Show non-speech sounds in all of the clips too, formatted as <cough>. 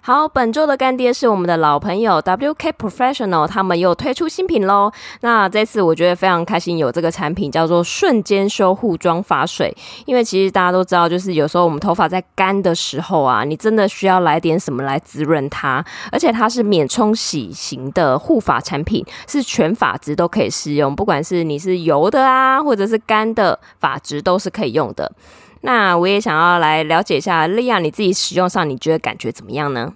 好，本週的乾爹是我們的老朋友 WK Professional，他們又推出新品嘍。那這次我覺得非常開心，有這個產品叫做瞬間修護髮妝水，因為其實大家都知道，就是有時候我們頭髮在乾的時候啊，你真的需要來點什麼來滋潤它。而且它是免沖洗型的護髮產品，是全髮質都可以使用，不管是你是油的啊，或者是乾的髮質都是可以用的。那我也想要來了解一下利亞，你自己使用上你覺得感覺怎麼樣呢？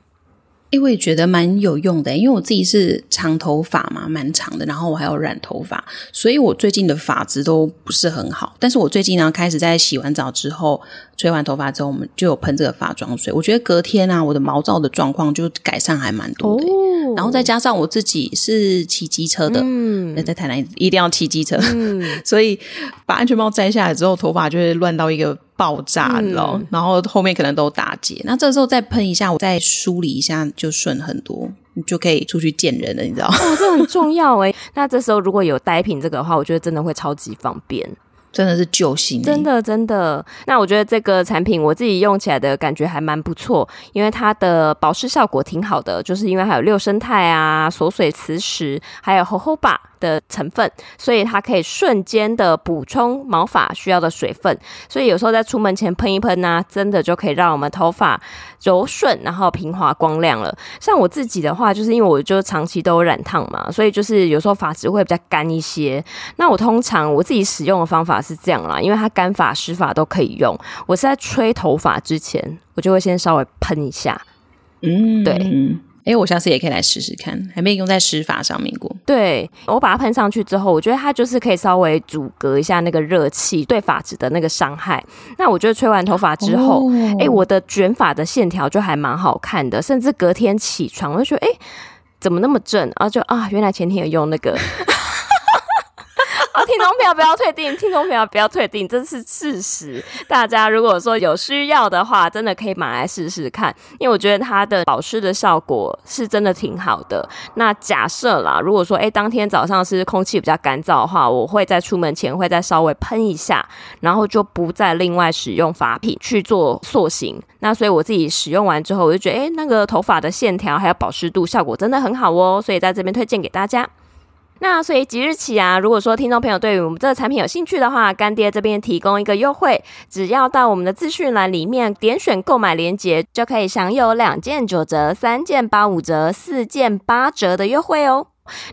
因為也覺得蠻有用的，因為我自己是長頭髮嘛，蠻長的，然後我還有染頭髮，所以我最近的髮質都不是很好。但是我最近呢，開始在洗完澡之後、吹完頭髮之後，我們就有噴這個髮妝水，我覺得隔天啊，我的毛躁的狀況就改善還蠻多的。Oh. 然後再加上我自己是騎機車的，嗯，在台南一定要騎機車，嗯、 <laughs> 所以把安全帽摘下來之後，頭髮就會亂到一個。爆炸了、哦嗯，然後後面可能都打結，那這時候再噴一下，我再梳理一下就順很多，你就可以出去見人了，你知道嗎、哦？這很重要哎。 <laughs> 那這時候如果有帶一瓶這個的話，我覺得真的會超級方便，真的是救星，真的真的。那我覺得這個產品我自己用起來的感覺還蠻不錯，因為它的保濕效果挺好的，就是因為還有六勝肽啊、鎖水磁石，還有荷荷巴。的成分，所以它可以瞬間的補充毛髮需要的水分，所以有時候在出門前噴一噴呢、啊，真的就可以讓我們頭髮柔順，然後平滑光亮了。像我自己的話，就是因為我就長期都有染燙嘛，所以就是有時候髮質會比較乾一些。那我通常我自己使用的方法是這樣啦，因為它乾髮濕髮都可以用，我是在吹頭髮之前，我就會先稍微噴一下，嗯，嗯，嗯，對。哎，我下次也可以來試試看，還沒用在濕髮上面過。對，我把它噴上去之後，我覺得它就是可以稍微阻隔一下那個熱氣，對髮質的那個傷害。那我覺得吹完頭髮之後，哎、哦，我的捲髮的線條就還蠻好看的，甚至隔天起床我就覺得，哎，怎麼那麼正？然後就啊，原來前天有用那個。 <laughs> 好、 <laughs> 哦，聽眾朋友不要退訂，聽眾朋友不要退訂，這是事實。大家如果說有需要的話，真的可以買來試試看，因為我覺得它的保濕的效果是真的挺好的。那假設啦，如果說誒當天早上是空氣比較乾燥的話，我會在出門前會再稍微噴一下，然後就不再另外使用髮品去做塑形。那所以我自己使用完之後，我就覺得誒，那個頭髮的線條還有保濕度效果真的很好哦，所以在這邊推薦給大家。那所以即日起啊，如果說聽眾朋友對於我們這個產品有興趣的話，乾爹這邊提供一個優惠，只要到我們的資訊欄裡面點選購買鏈接，就可以享有兩件九折、三件八五折、四件八折的優惠哦。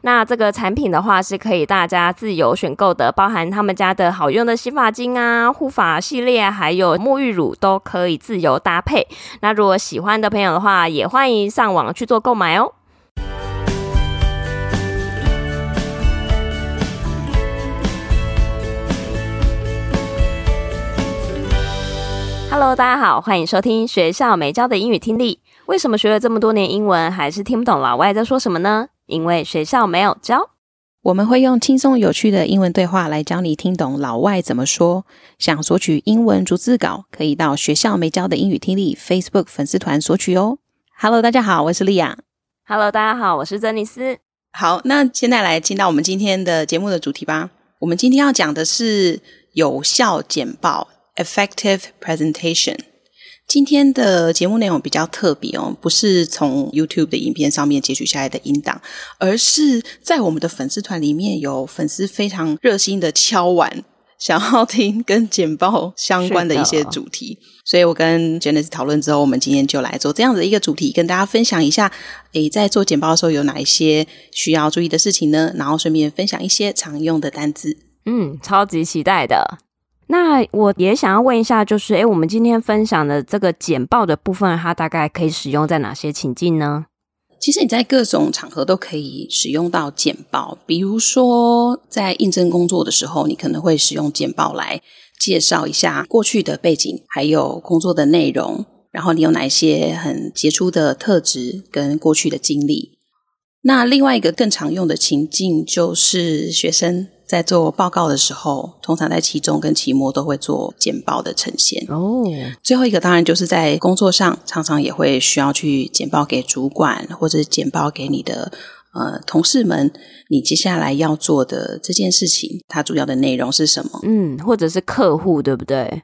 那這個產品的話是可以大家自由選購的，包含他們家的好用的洗髮精啊、護髮系列，還有沐浴乳都可以自由搭配。那如果喜歡的朋友的話，也歡迎上網去做購買哦。Hello，大家好，歡迎收聽學校沒教的英語聽力。為什麼學了這麼多年英文，還是聽不懂老外在說什麼呢？因為學校沒有教。我們會用輕鬆有趣的英文對話來教你聽懂老外怎麼說。想索取英文逐字稿，可以到學校沒教的英語聽力 Facebook 粉絲團索取哦。Hello，大家好，我是莉亞。Hello，大家好，我是珍妮絲。好，那現在來進到我們今天的節目的主題吧。我們今天要講的是有效簡報。Effective presentation。今天的節目內容比較特別哦，不是從 YouTube 的影片上面截取下來的音檔，而是在我們的粉絲團裡面有粉絲非常熱心的敲碗，想要聽跟簡報相關的一些主題。所以我跟 Janice 討論之後，我們今天就來做這樣子一個主題，跟大家分享一下，誒，在做簡報的時候有哪一些需要注意的事情呢？然後順便分享一些常用的單字。嗯，超級期待的。那我也想要問一下，就是誒，我們今天分享的這個簡報的部分，它大概可以使用在哪些情境呢？其實你在各種場合都可以使用到簡報，比如說在應徵工作的時候，你可能會使用簡報來介紹一下過去的背景，還有工作的內容，然後你有哪一些很傑出的特質跟過去的經歷。那另外一個更常用的情境就是學生。在做報告的時候，通常在期中跟期末都會做簡報的呈現。哦，最後一個當然就是在工作上，常常也會需要去簡報給主管或者簡報給你的呃同事們，你接下來要做的這件事情，它主要的內容是什麼？嗯，或者是客戶，對不對？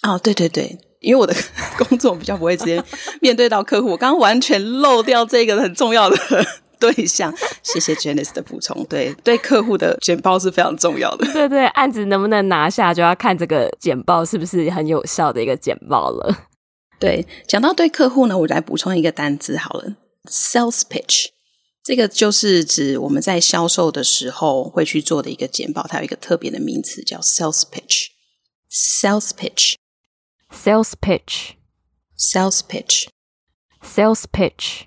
啊、哦，對對對，因為我的工作比較不會直接面對到客戶， <laughs> 我剛完全漏掉這個很重要的。對象，謝謝 Janice 的補充。對，對客戶的簡報是非常重要的。 <laughs> 對對，案子能不能拿下，就要看這個簡報是不是很有效的一個簡報了。對，講到對客戶呢，我來補充一個單字好了，sales pitch。這個就是指我們在銷售的時候會去做的一個簡報，它有一個特別的名詞叫 sales pitch。sales pitch, pitch, pitch, pitch, pitch。sales pitch。sales pitch。sales pitch。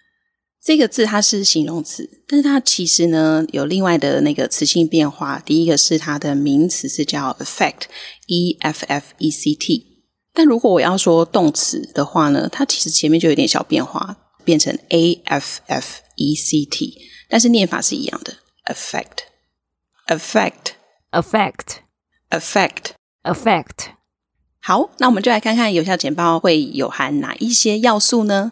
這個字，它是形容詞，但是它其實呢，有另外的那個詞性變化。第一個是它的名詞是叫 effect，e f f e c t。但如果我要說動詞的話呢，它其實前面就有點小變化，變成 a f f e c t，但是念法是一樣的，effect，effect，effect，effect，effect。好，那我們就來看看有效簡報會有含哪一些要素呢？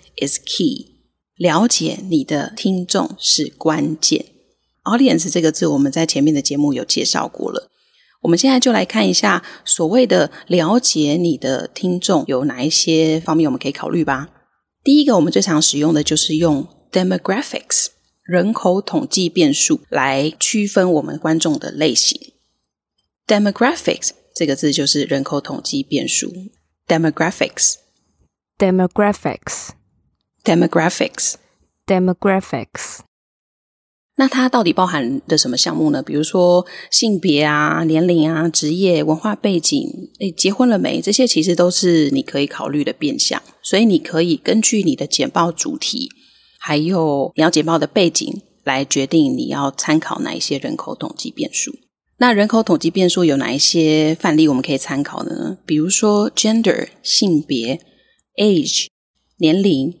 Is key，了解你的聽眾是關鍵。Audience 這個字，我們在前面的節目有介紹過了。我們現在就來看一下，所謂的了解你的聽眾有哪一些方面，我們可以考慮吧。第一個，我們最常使用的就是用 demographics 人口統計變數來區分我們觀眾的類型。Demographics 這個字就是人口統計變數。Demographics，demographics demographics。Demographics, demographics。那它到底包含的什麼項目呢？比如說性別啊、年齡啊、職業、文化背景，誒，結婚了沒？這些其實都是你可以考慮的變項。所以你可以根據你的簡報主題，還有你要簡報的背景，來決定你要參考哪一些人口統計變數。那人口統計變數有哪一些範例我們可以參考呢？比如說 gender 性別、age 年齡。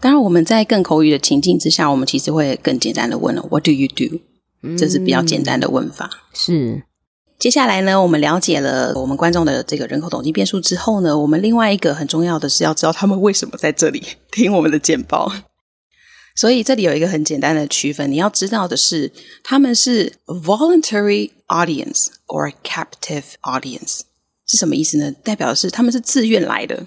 當然，我們在更口語的情境之下，我們其實會更簡單的問了 “What do you do？” 這是比較簡單的問法。嗯，是。接下來呢，我們了解了我們觀眾的這個人口統計變數之後呢，我們另外一個很重要的是要知道他們為什麼在這裡聽我們的簡報。所以這裡有一個很簡單的區分，你要知道的是，他們是 voluntary audience or captive audience 是什麼意思呢？代表的是他們是自願來的。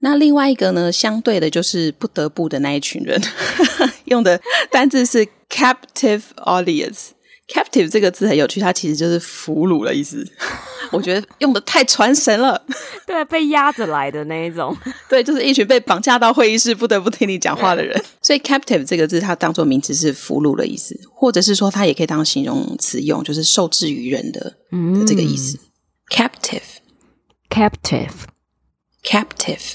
那另外一個呢，相對的就是不得不的那一群人，用的單字是 captive audience。 <laughs> captive 這個字很有趣，它其實就是俘虜的意思。我覺得用的太傳神了，對，被壓着來的那一種， <laughs> 對，就是一群被綁架到會議室，不得不聽你講話的人。所以 captive 這個字，它當作名詞是俘虜的意思，或者是說它也可以當形容詞用，就是受制於人的嗯。的這個意思。captive，captive，captive、嗯。Captive. Captive. Captive.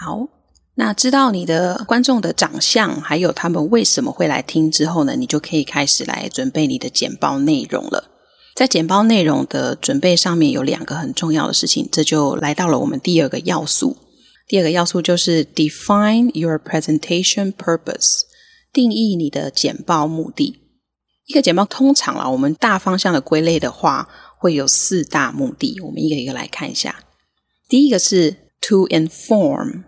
好，那知道你的觀眾的長相，還有他們為什麼會來聽之後呢，你就可以開始來準備你的簡報內容了。在簡報內容的準備上面，有兩個很重要的事情，這就來到了我們第二個要素。第二個要素就是 define your presentation purpose，定義你的簡報目的。一個簡報通常啊，我們大方向的歸類的話，會有四大目的，我們一個一個來看一下。第一個是 to inform。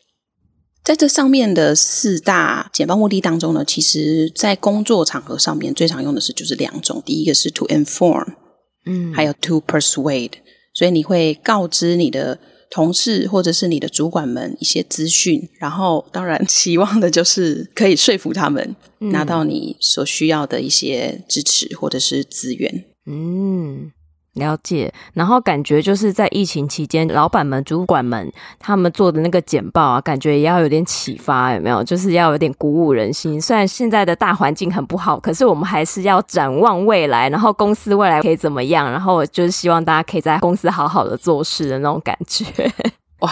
在這上面的四大簡報目的當中呢，其實在工作場合上面最常用的是就是兩種，第一個是 to inform，、嗯、還有 to persuade，所以你會告知你的同事或者是你的主管們一些資訊，然後當然期望的就是可以說服他們、嗯、拿到你所需要的一些支持或者是資源，嗯。了解，然後感覺就是在疫情期間，老闆們、主管們他們做的那個簡報啊，感覺也要有點啟發，有沒有？就是要有點鼓舞人心。雖然現在的大環境很不好，可是我們還是要展望未來，然後公司未來可以怎麼樣？然後就是希望大家可以在公司好好的做事的那種感覺。哇！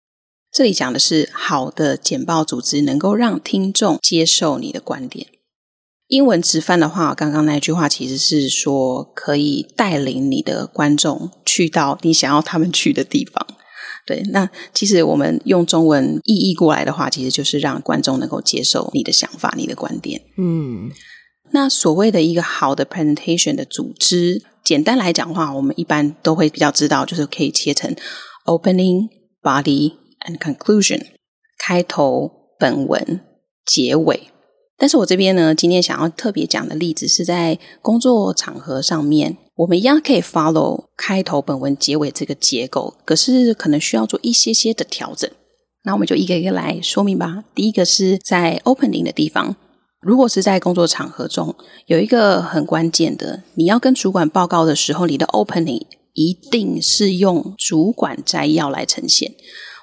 這裡講的是好的簡報組織能夠讓聽眾接受你的觀點。英文直翻的話，剛剛那句話其實是說可以帶領你的觀眾去到你想要他們去的地方。對，那其實我們用中文意譯過來的話，其實就是讓觀眾能夠接受你的想法、你的觀點。嗯，那所謂的一個好的 presentation 的組織，簡單來講的話，我們一般都會比較知道，就是可以切成 opening、body。And conclusion，開頭、本文、結尾。但是我這邊呢，今天想要特別講的例子是在工作場合上面，我們一樣可以 follow 開頭、本文、結尾這個結構，可是可能需要做一些些的調整。那我們就一個一個來說明吧。第一個是在 opening 的地方，如果是在工作場合中，有一個很關鍵的，你要跟主管報告的時候，你的 opening 一定是用主管摘要來呈現。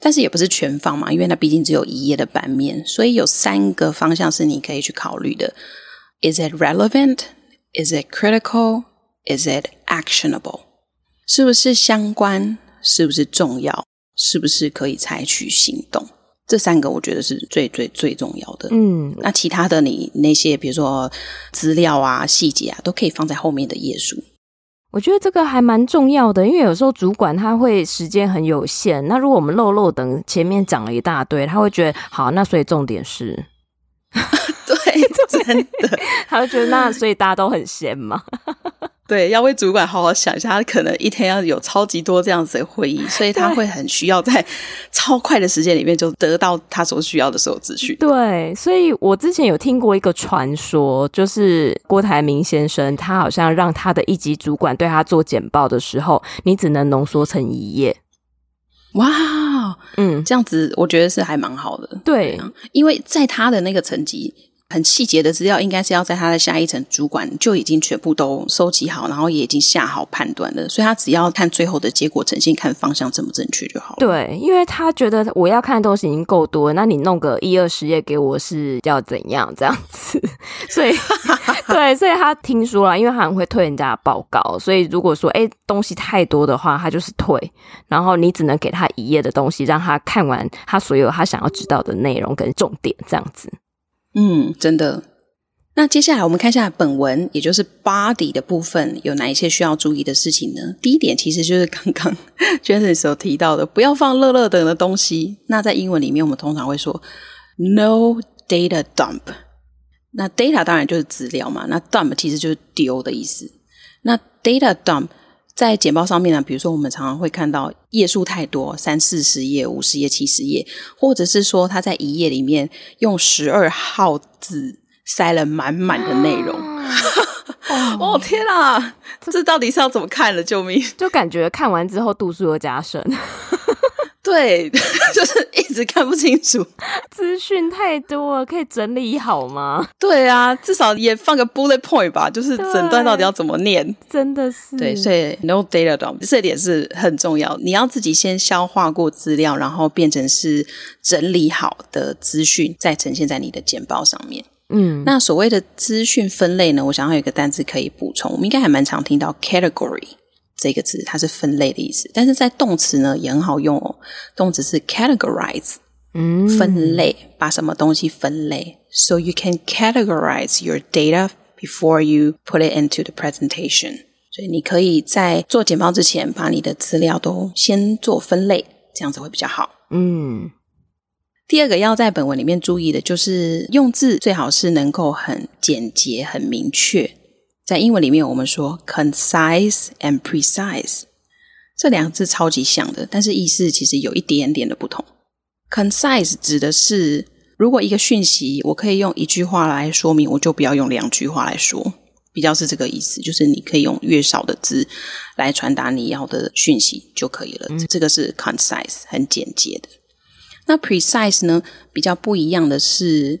但是也不是全放嘛，因為它畢竟只有一頁的版面，所以有三個方向是你可以去考慮的。Is it relevant？Is it critical？Is it actionable？是不是相關？是不是重要？是不是可以採取行動？這三個我覺得是最最最重要的。嗯，那其他的你那些比如說資料啊、細節啊，都可以放在後面的頁數。我覺得這個還蠻重要的，因為有時候主管他會時間很有限。那如果我們漏漏，等前面講了一大堆，他會覺得好，那所以重點是， <laughs> 對，對真對， <laughs> 他會覺得那所以大家都很閒嘛。 <laughs> 對，要為主管好好想一下，他可能一天要有超級多這樣子的會議，所以他會很需要在超快的時間裡面就得到他所需要的所有資訊。對，所以我之前有聽過一個傳說，就是郭台銘先生他好像讓他的一級主管對他做簡報的時候，你只能濃縮成一頁。哇，嗯，這樣子我覺得是還蠻好的。對，因為在他的那個層級。很細節的資料應該是要在他的下一層主管就已經全部都收集好，然後也已經下好判斷了，所以他只要看最後的結果呈現，看方向正不正確就好。對，因為他覺得我要看的東西已經夠多，那你弄個一二十頁給我是要怎樣這樣子？ <laughs> 所以， <laughs> 對，所以他聽說了，因為他很會退人家的報告，所以如果說哎東西太多的話，他就是退，然後你只能給他一頁的東西，讓他看完他所有他想要知道的內容跟重點這樣子。嗯，真的。那接下來我們看一下本文，也就是 body 的部分，有哪一些需要注意的事情呢？第一點其實就是剛剛 Jason <laughs> 所提到的，不要放樂樂等的東西。那在英文裡面，我們通常會說 no data dump。那 data 當然就是資料嘛，那 dump 其實就是丟的意思。那 data dump。在簡報上面呢，比如說我們常常會看到頁數太多，三四十頁、五十頁、七十頁，或者是說他在一頁裡面用十二號字塞了滿滿的內容。啊、 <laughs> 哦天啊，這，這到底是要怎麼看的？救命！就感覺看完之後度數又加深。 <laughs> 對，就是一直看不清楚，資訊太多，可以整理好嗎？對啊，至少也放個 bullet point 吧，就是診斷到底要怎麼念，真的是。對，所以 no data dump，這一點是很重要，你要自己先消化過資料，然後變成是整理好的資訊，再呈現在你的簡報上面。嗯，那所謂的資訊分類呢？我想要有一個單詞可以補充，我們應該還蠻常聽到 category。這個詞它是分類的意思，但是在動詞呢也很好用哦。動詞是 categorize，嗯、mm.，分類，把什麼東西分類。So you can categorize your data before you put it into the presentation。所以你可以在做簡報之前，把你的資料都先做分類，這樣子會比較好。嗯、mm.。第二個要在本文裡面注意的就是用字最好是能夠很簡潔、很明確。在英文裡面，我們說 concise and precise 這兩個字超級像的，但是意思其實有一點點的不同。concise 指的是，如果一個訊息，我可以用一句話來說明，我就不要用兩句話來說，比較是這個意思，就是你可以用越少的字來傳達你要的訊息就可以了。嗯、這個是 concise 很簡潔的。那 precise 呢，比較不一樣的是，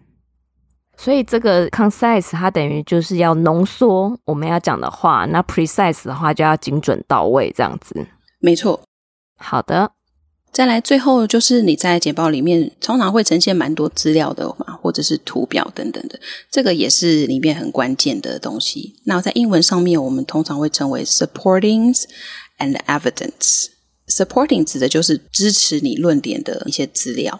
所以這個 concise 它，等於就是要濃縮我們要講的話，那 precise 的話就要精準到位這樣子。沒錯，好的，再來最後就是你在簡報裡面通常會呈現蠻多資料的嘛，或者是圖表等等的，這個也是裡面很關鍵的東西。那在英文上面，我們通常會稱為 supportings and evidence。supporting 指的就是支持你論點的一些資料。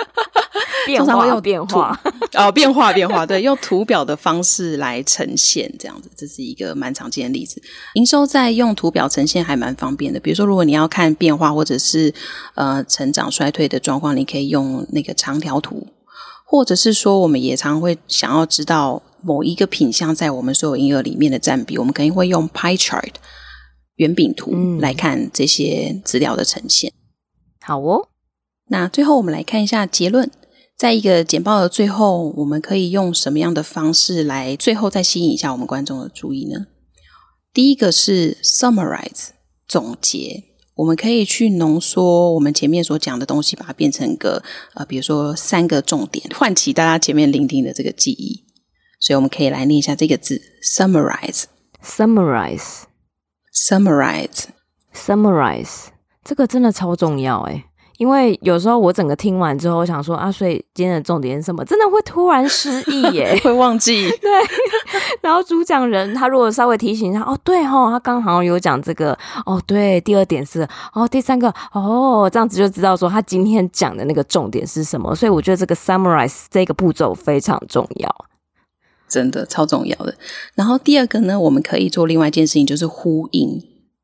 通常會用變化，變化，哦，變化變化對， <laughs> 用圖表的方式來呈現這樣子，這是一個蠻常見的例子。營收在用圖表呈現還蠻方便的，比如說如果你要看變化或者是呃成長衰退的狀況，你可以用那個長條圖，或者是說我們也常會想要知道某一個品項在我們所有營業額裡面的占比，我們肯定會用 pie chart 圓餅圖、嗯、來看這些資料的呈現。好哦，那最後我們來看一下結論。在一個簡報的最後，我們可以用什麼樣的方式來最後再吸引一下我們觀眾的注意呢？第一個是 summarize 總結，我們可以去濃縮我們前面所講的東西，把它變成一個呃，比如說三個重點，喚起大家前面聆聽的這個記憶。所以我們可以來念一下這個字：summarize，summarize，summarize，summarize。Summarize summarize. Summarize. Summarize. 這個真的超重要哎、欸。因為有時候我整個聽完之後，我想說啊，所以今天的重點是什麼？真的會突然失憶耶， <laughs> 會忘記。 <laughs> 對， <laughs> 然後主講人他如果稍微提醒他，哦，對哦，他剛好有講這個，哦，對，第二點是，哦，第三個，哦，這樣子就知道說他今天講的那個重點是什麼。所以我覺得這個 summarize 這個步驟非常重要，真的超重要的。然後第二個呢，我們可以做另外一件事情，就是呼應。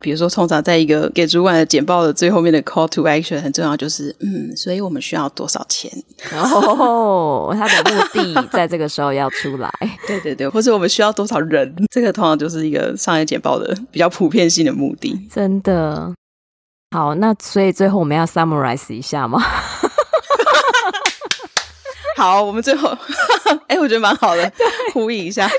比如說，通常在一個給主管的簡報的最後面的 call to action 很重要，就是嗯，所以我們需要多少錢，然、oh, 後 <laughs> 他的目的在這個時候要出來。 <laughs> 對對對，或者我們需要多少人， <laughs> 這個通常就是一個商業簡報的比較普遍性的目的。真的好，那所以最後我們要 summarize 一下嗎？ <laughs> <laughs> 好，我們最後，哎、 <laughs> 欸，我覺得蠻好的， <laughs> 呼應一下。 <laughs>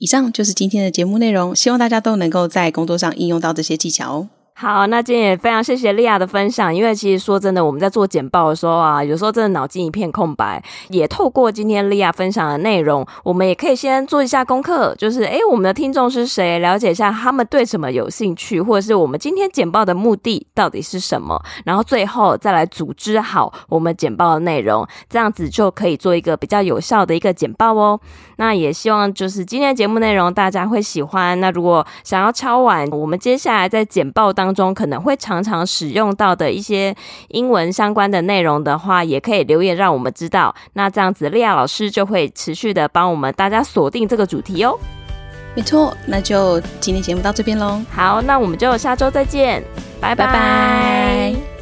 以上就是今天的節目內容，希望大家都能夠在工作上應用到這些技巧哦。好，那今天也非常謝謝利亞的分享。因為其實說真的，我們在做簡報的時候啊，有時候真的腦筋一片空白。也透過今天利亞分享的內容，我們也可以先做一下功課，就是誒、欸、我們的聽眾是誰？了解一下他們對什麼有興趣，或者是我們今天簡報的目的到底是什麼？然後最後再來組織好我們簡報的內容，這樣子就可以做一個比較有效的一個簡報哦。那也希望就是今天節目內容大家會喜歡。那如果想要抄完，我們接下來再簡報。當中可能會常常使用到的一些英文相關的內容的話，也可以留言讓我們知道。那這樣子，利亞老師就會持續的幫我們大家鎖定這個主題哦。沒錯，那就今天節目到這邊嘍。好，那我們就下周再見，拜拜。拜拜。